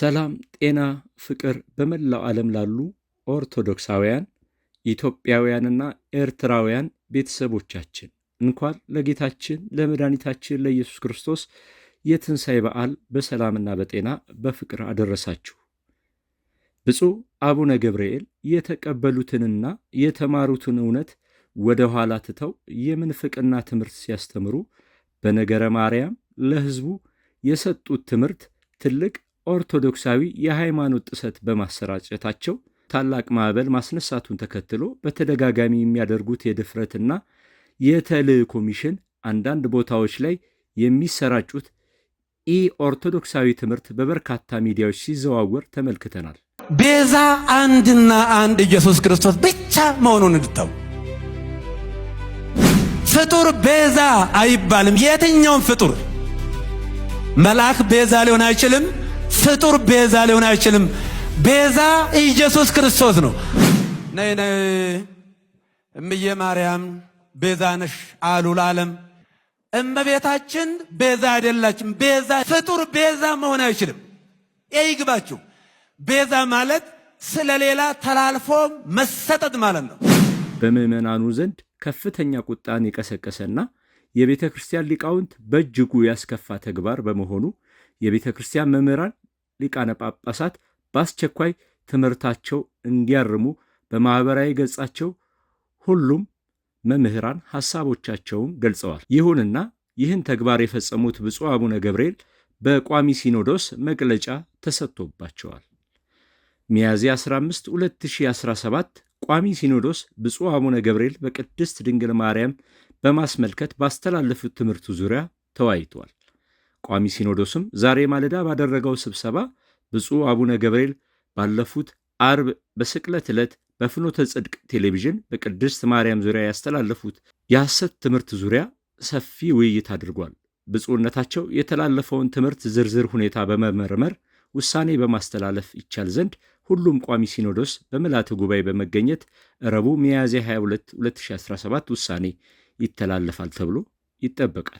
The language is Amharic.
ሰላም፣ ጤና፣ ፍቅር በመላው ዓለም ላሉ ኦርቶዶክሳውያን ኢትዮጵያውያንና ኤርትራውያን ቤተሰቦቻችን እንኳን ለጌታችን ለመድኃኒታችን ለኢየሱስ ክርስቶስ የትንሣኤ በዓል በሰላምና በጤና በፍቅር አደረሳችሁ። ብፁዕ አቡነ ገብርኤል የተቀበሉትንና የተማሩትን እውነት ወደ ኋላ ትተው የምንፍቅና ትምህርት ሲያስተምሩ በነገረ ማርያም ለሕዝቡ የሰጡት ትምህርት ትልቅ ኦርቶዶክሳዊ የሃይማኖት ጥሰት በማሰራጨታቸው ታላቅ ማዕበል ማስነሳቱን ተከትሎ በተደጋጋሚ የሚያደርጉት የድፍረትና የተልዕኮ ሚሽን አንዳንድ ቦታዎች ላይ የሚሰራጩት ኢኦርቶዶክሳዊ ትምህርት በበርካታ ሚዲያዎች ሲዘዋወር ተመልክተናል። ቤዛ አንድና አንድ ኢየሱስ ክርስቶስ ብቻ መሆኑን እንድታው ፍጡር ቤዛ አይባልም። የትኛውም ፍጡር መልአክ ቤዛ ሊሆን አይችልም። ፍጡር ቤዛ ሊሆን አይችልም። ቤዛ ኢየሱስ ክርስቶስ ነው። ነይ ነይ እምዬ ማርያም ቤዛ ነሽ አሉ ለዓለም። እመቤታችን ቤዛ አይደላችም። ቤዛ ፍጡር ቤዛ መሆን አይችልም። ይግባችሁ። ቤዛ ማለት ስለሌላ ተላልፎ መሰጠት ማለት ነው። በምዕመናኑ ዘንድ ከፍተኛ ቁጣን የቀሰቀሰና የቤተ ክርስቲያን ሊቃውንት በእጅጉ ያስከፋ ተግባር በመሆኑ የቤተ ክርስቲያን መምህራን ሊቃነ ጳጳሳት በአስቸኳይ ትምህርታቸው እንዲያርሙ በማኅበራዊ ገጻቸው ሁሉም መምህራን ሐሳቦቻቸውን ገልጸዋል። ይሁንና ይህን ተግባር የፈጸሙት ብፁዕ አቡነ ገብርኤል በቋሚ ሲኖዶስ መግለጫ ተሰጥቶባቸዋል። ሚያዝያ 15 2017 ቋሚ ሲኖዶስ ብፁዕ አቡነ ገብርኤል በቅድስት ድንግል ማርያም በማስመልከት ባስተላለፉት ትምህርቱ ዙሪያ ተወያይቷል። ቋሚ ሲኖዶስም ዛሬ ማለዳ ባደረገው ስብሰባ ብፁዕ አቡነ ገብርኤል ባለፉት አርብ በስቅለት ዕለት በፍኖተ ጽድቅ ቴሌቪዥን በቅድስት ማርያም ዙሪያ ያስተላለፉት የሐሰት ትምህርት ዙሪያ ሰፊ ውይይት አድርጓል። ብፁዕነታቸው የተላለፈውን ትምህርት ዝርዝር ሁኔታ በመመርመር ውሳኔ በማስተላለፍ ይቻል ዘንድ ሁሉም ቋሚ ሲኖዶስ በምልዓተ ጉባኤ በመገኘት ረቡዕ ሚያዝያ 22 2017 ውሳኔ ይተላለፋል ተብሎ ይጠበቃል።